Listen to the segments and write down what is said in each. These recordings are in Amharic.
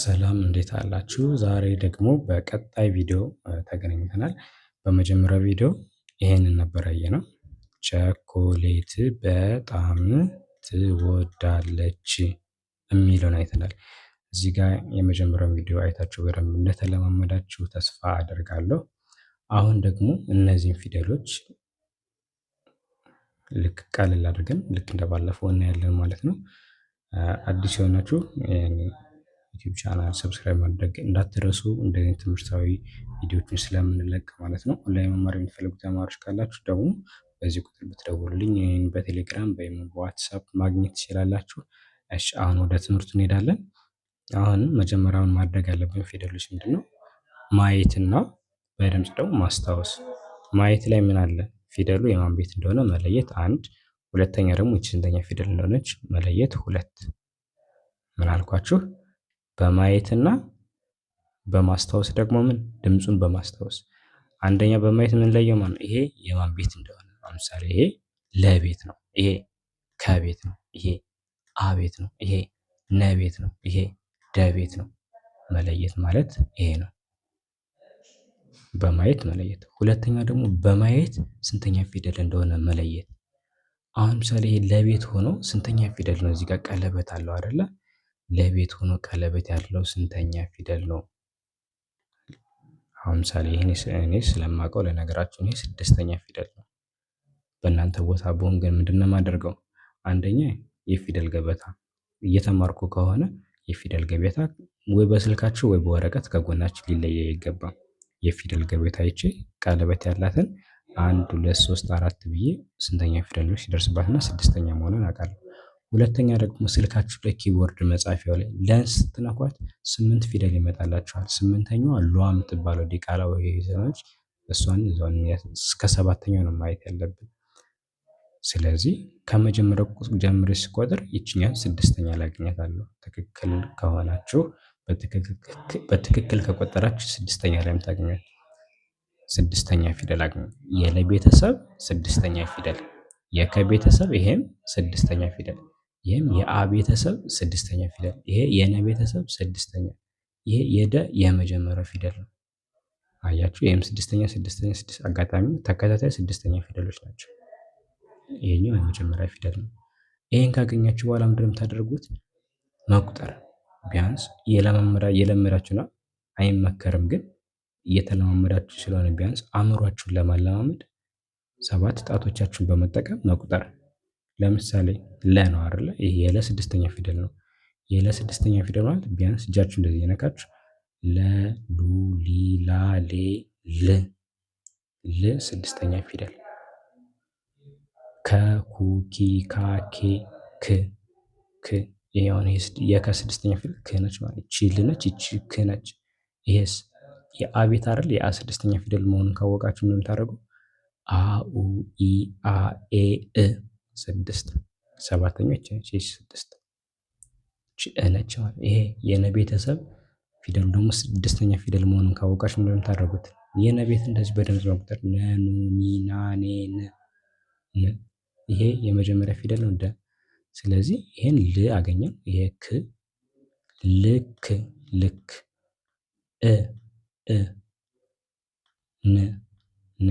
ሰላም እንዴት አላችሁ ዛሬ ደግሞ በቀጣይ ቪዲዮ ተገናኝተናል። በመጀመሪያው ቪዲዮ ይሄንን ነበር ያየነው። ቸኮሌት በጣም ትወዳለች የሚለውን አይተናል። እዚህ ጋር የመጀመሪያውን ቪዲዮ አይታችሁ በደንብ እንደተለማመዳችሁ ተስፋ አደርጋለሁ። አሁን ደግሞ እነዚህን ፊደሎች ልክ ቀለል አድርገን ልክ እንደባለፈው እናያለን ማለት ነው። አዲስ የሆናችሁ ዩቲዩብ ቻናል ሰብስክራይብ ማድረግ እንዳትረሱ። እንደዚህ ትምህርታዊ ቪዲዮዎችን ስለምንለቅ ማለት ነው። ኦንላይን መማር የሚፈልጉ ተማሪዎች ካላችሁ ደግሞ በዚህ ቁጥር ብትደውሉልኝ ይህን በቴሌግራም ወይም በዋትሳፕ ማግኘት ትችላላችሁ። እሺ አሁን ወደ ትምህርቱ እንሄዳለን። አሁን መጀመሪያውን ማድረግ ያለብን ፊደሎች ምንድን ነው? ማየትና በድምፅ ደግሞ ማስታወስ። ማየት ላይ ምን አለ? ፊደሉ የማን ቤት እንደሆነ መለየት አንድ ሁለተኛ ደግሞ ይች ስንተኛ ፊደል እንደሆነች መለየት ሁለት ምን አልኳችሁ? በማየትና በማስታወስ ደግሞ ምን ድምፁን በማስታወስ አንደኛ በማየት የምንለየው ማለት ነው፣ ይሄ የማን ቤት እንደሆነ ለምሳሌ ይሄ ለቤት ነው፣ ይሄ ከቤት ነው፣ ይሄ አቤት ነው፣ ይሄ ነቤት ነው፣ ይሄ ደቤት ነው። መለየት ማለት ይሄ ነው፣ በማየት መለየት። ሁለተኛ ደግሞ በማየት ስንተኛ ፊደል እንደሆነ መለየት አሁን ለምሳሌ ለቤት ሆኖ ስንተኛ ፊደል ነው? እዚህ ጋር ቀለበት አለው አይደለ? ለቤት ሆኖ ቀለበት ያለው ስንተኛ ፊደል ነው? አሁን ለምሳሌ ይሄን እኔ ስለማውቀው ለነገራችሁ ይሄ ስድስተኛ ፊደል ነው። በእናንተ ቦታ ብሆን ግን ምንድነው የማደርገው? አንደኛ የፊደል ገበታ እየተማርኩ ከሆነ የፊደል ገበታ ወይ በስልካችሁ ወይ በወረቀት ከጎናችሁ ሊለየ አይገባም። የፊደል ገበታ ይቼ ቀለበት ያላትን አንድ ሁለት ሶስት አራት ብዬ ስንተኛ ፊደል ነች ሲደርስባትና ስድስተኛ መሆኗን አውቃለሁ። ሁለተኛ ደግሞ ስልካችሁ ላይ ኪቦርድ መጻፊያው ላይ ለን ስትነኳት ስምንት ፊደል ይመጣላችኋል። ስምንተኛዋ ሏ የምትባለው ዲቃላ ወይ ይዘናች እሷን እዛን እስከ ሰባተኛው ነው ማየት ያለብን። ስለዚህ ከመጀመሪያው ቁጥር ጀምሬ ስቆጥር ይችኛል ስድስተኛ አለው። ትክክል ከሆናችሁ በትክክል ከቆጠራችሁ ስድስተኛ ላይም ታገኛል። ስድስተኛ ፊደል የለ የለቤተሰብ ስድስተኛ ፊደል፣ የከቤተሰብ ይሄም ስድስተኛ ፊደል፣ ይህም የአ ቤተሰብ ስድስተኛ ፊደል፣ ይሄ የነ ቤተሰብ ስድስተኛ፣ ይሄ የደ የመጀመሪያው ፊደል ነው። አያችሁ፣ ይህም ስድስተኛ ስድስተኛ ስድስት አጋጣሚ ተከታታይ ስድስተኛ ፊደሎች ናቸው። ይህኛው የመጀመሪያ ፊደል ነው። ይህን ካገኛችሁ በኋላ ምንድን ነው የምታደርጉት? መቁጠር ቢያንስ የለምራችሁና አይመከርም ግን እየተለማመዳችሁ ስለሆነ ቢያንስ አእምሯችሁን ለማለማመድ ሰባት ጣቶቻችሁን በመጠቀም መቁጠር። ለምሳሌ ለ ነው አይደለ? ይሄ የለ ስድስተኛ ፊደል ነው። የለ ስድስተኛ ፊደል ማለት ቢያንስ እጃችሁ እንደዚህ የነካችሁ ለ ሉ ሊ ላ ሌ ል ል ስድስተኛ ፊደል ከ ኩ ኪ ካ ኬ ክ ክ ይሄ አሁን የከ ስድስተኛ ፊደል ክ ነች ማለት ይቺ ል ነች ይቺ ክ ነች። ይሄስ የአቤት አይደል የአ ስድስተኛ ፊደል መሆኑን ካወቃችሁ ምን የምታደርጉ አ ኡ ኢ አ ኤ እ ስድስት ሰባተኞች ስድስት ነች። ይሄ የነ ቤተሰብ ፊደሉ ደግሞ ስድስተኛ ፊደል መሆኑን ካወቃችሁ ምን የምታደርጉት የነ ቤት እንደዚህ በደንብ መቁጠር ነኑ ኑ ኒ ይሄ የመጀመሪያ ፊደል ነው። እንደ ስለዚህ ይሄን ል አገኘን። ይሄ ክ ልክ ልክ እ እ ን ን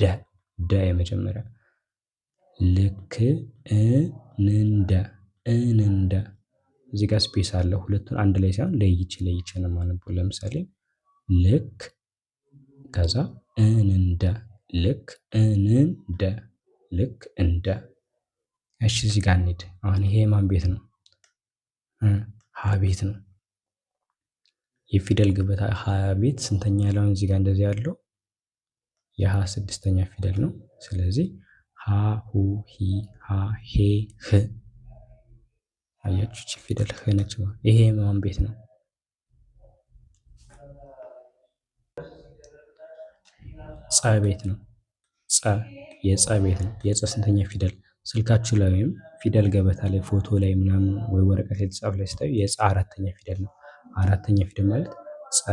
ደ ደ የመጀመሪያ ልክ እንደ እንደ እዚህ ጋር ስፔስ አለ ሁለቱን አንድ ላይ ሳይሆን ለይቼ ለይቼ ነው የማነበው። ለምሳሌ ልክ ከዛ እንንደ ልክ እንንደ ልክ እንደ። እሺ እዚህ ጋር እንሂድ። አሁን ይሄ የማን ቤት ነው? ሀ ቤት ነው። የፊደል ገበታ ሀያ ቤት ስንተኛ ያለውን እዚህ ጋር እንደዚህ ያለው የሀ ስድስተኛ ፊደል ነው። ስለዚህ ሀ ሁ ሂ ሀ ሄ ህ አያችሁ፣ ይቺ ፊደል ህ ነች። ይሄ የማን ቤት ነው? ጸ ቤት ነው። ጸ የጸ ቤት ነው። የጸ ስንተኛ ፊደል ስልካችሁ ላይ ወይም ፊደል ገበታ ላይ ፎቶ ላይ ምናምን ወይ ወረቀት የተጻፈ ላይ ስታዩ የጸ አራተኛ ፊደል ነው። አራተኛ ፊደል ማለት ፀ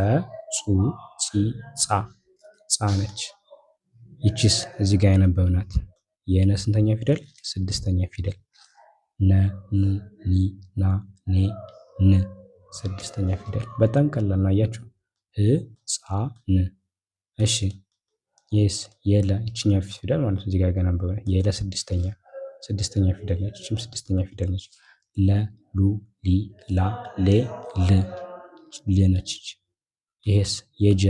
ጹ ጺ ጻ ጻ ነች። ይቺስ እዚህ ጋር ያነበብናት የነ ስንተኛ ፊደል? ስድስተኛ ፊደል ነ ኑ ኒ ና ኔ ን ስድስተኛ ፊደል በጣም ቀላል ነው። አያችሁ እ ጻ ን እሺ የስ የለ ይችኛ ፊደል ማለት እዚህ ጋር ገና በሆነ የለ ስድስተኛ ስድስተኛ ፊደል ነች። ይችም ስድስተኛ ፊደል ነች። ለ ሉ ሊ ላ ሌ ል ሌ ነች ይሄስ የጀ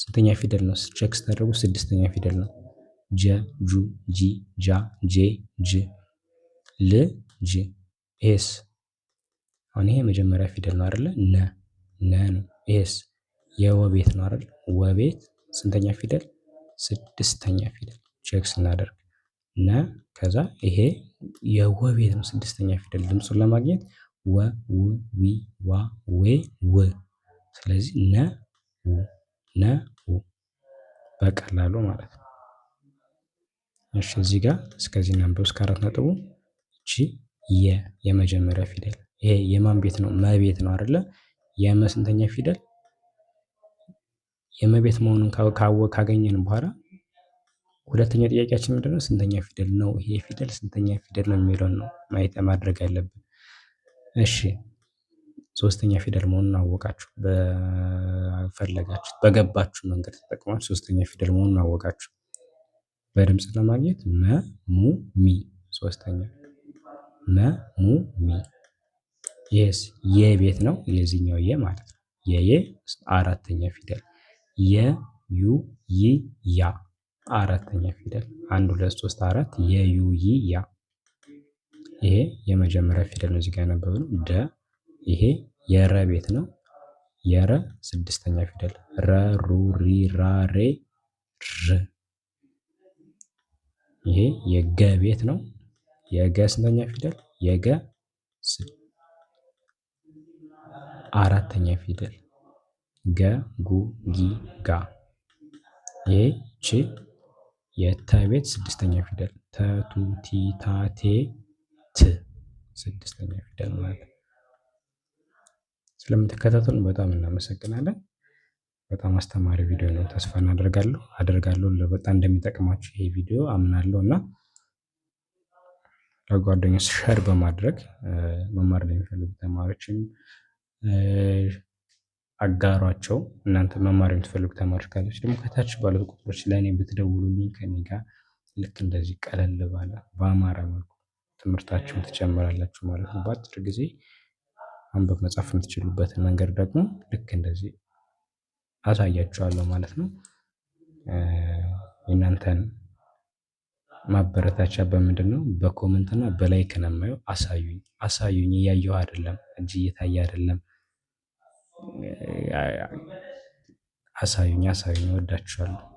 ስንተኛ ፊደል ነው? ቼክ ስታደርጉ ስድስተኛ ፊደል ነው። ጀ፣ ጁ፣ ጂ፣ ጃ፣ ጄ፣ ጅ፣ ል፣ ጅ። ይሄስ አሁን ይሄ የመጀመሪያ ፊደል ነው አይደለ? ነ ነ ነው። ይሄስ የወቤት ነው አይደል? ወቤት ስንተኛ ፊደል? ስድስተኛ ፊደል። ቼክ ስናደርግ ነ ከዛ ይሄ የወቤት ነው ስድስተኛ ፊደል ድምፁን ለማግኘት ወ ው ዊ ዋ ዌ ው ስለዚህ ነ ው ነ ው በቀላሉ ማለት ነው። እሺ እዚህ ጋር እስከዚህ እናንብብ እስከ አራት ነጥቡ። እቺ የ የመጀመሪያ ፊደል ይሄ የማን ቤት ነው? መቤት ነው አይደለ? የመስንተኛ ፊደል? የመቤት መሆኑን ካወ ካገኘን በኋላ ሁለተኛው ጥያቄያችን ምንድነው? ስንተኛ ፊደል ነው? ይሄ ፊደል ስንተኛ ፊደል ነው የሚለውን ነው ማየት ማድረግ ያለብን እሺ ሶስተኛ ፊደል መሆኑን አወቃችሁ በፈለጋችሁ በገባችሁ መንገድ ተጠቅማችሁ ሶስተኛ ፊደል መሆኑን አወቃችሁ። በድምጽ ለማግኘት መ ሙ ሚ ሶስተኛ መ ሙ ሚ። የስ የቤት ነው የዚህኛው የ ማለት ነው የየ አራተኛ ፊደል የ ዩ ይ ያ አራተኛ ፊደል አንድ ሁለት ሶስት አራት የዩ ይ ያ ይሄ የመጀመሪያ ፊደል ነው እዚጋ ጋር ደ። ይሄ የረ ቤት ነው። የረ ስድስተኛ ፊደል ረ ሩ ሪ ራ ሬ ር። ይሄ የገ ቤት ነው። የገ ስንተኛ ፊደል? የገ አራተኛ ፊደል ገ ጉ ጊ ጋ። ይሄ ቺ የተ ቤት ስድስተኛ ፊደል ተቱ ቲ ታ ቴ ች ስድስተኛ ፊደል ማለት ስለምትከታተሉን በጣም እናመሰግናለን። በጣም አስተማሪ ቪዲዮ ነው። ተስፋ እናደርጋለሁ አደርጋለሁ በጣም እንደሚጠቅማችሁ ይሄ ቪዲዮ አምናለሁ እና ለጓደኞች ሸር በማድረግ መማር ለሚፈልጉ ተማሪዎችም አጋሯቸው። እናንተ መማር የምትፈልጉ ተማሪዎች ካለች ደግሞ ከታች ባሉት ቁጥሮች ለእኔ ብትደውሉልኝ ከኔ ጋር ልክ እንደዚህ ቀለል ባለ በአማራ መልኩ ትምህርታችሁን ትጨምራላችሁ ማለት ነው። በአጭር ጊዜ ማንበብ መጻፍ የምትችሉበትን መንገድ ደግሞ ልክ እንደዚህ አሳያችኋለሁ ማለት ነው። የእናንተን ማበረታቻ በምንድነው? ነው? በኮመንትና በላይክ ነው የማየው። አሳዩኝ አሳዩኝ እያየሁ አይደለም እጅ እየታየ አይደለም። አሳዩኝ አሳዩኝ እወዳችኋለሁ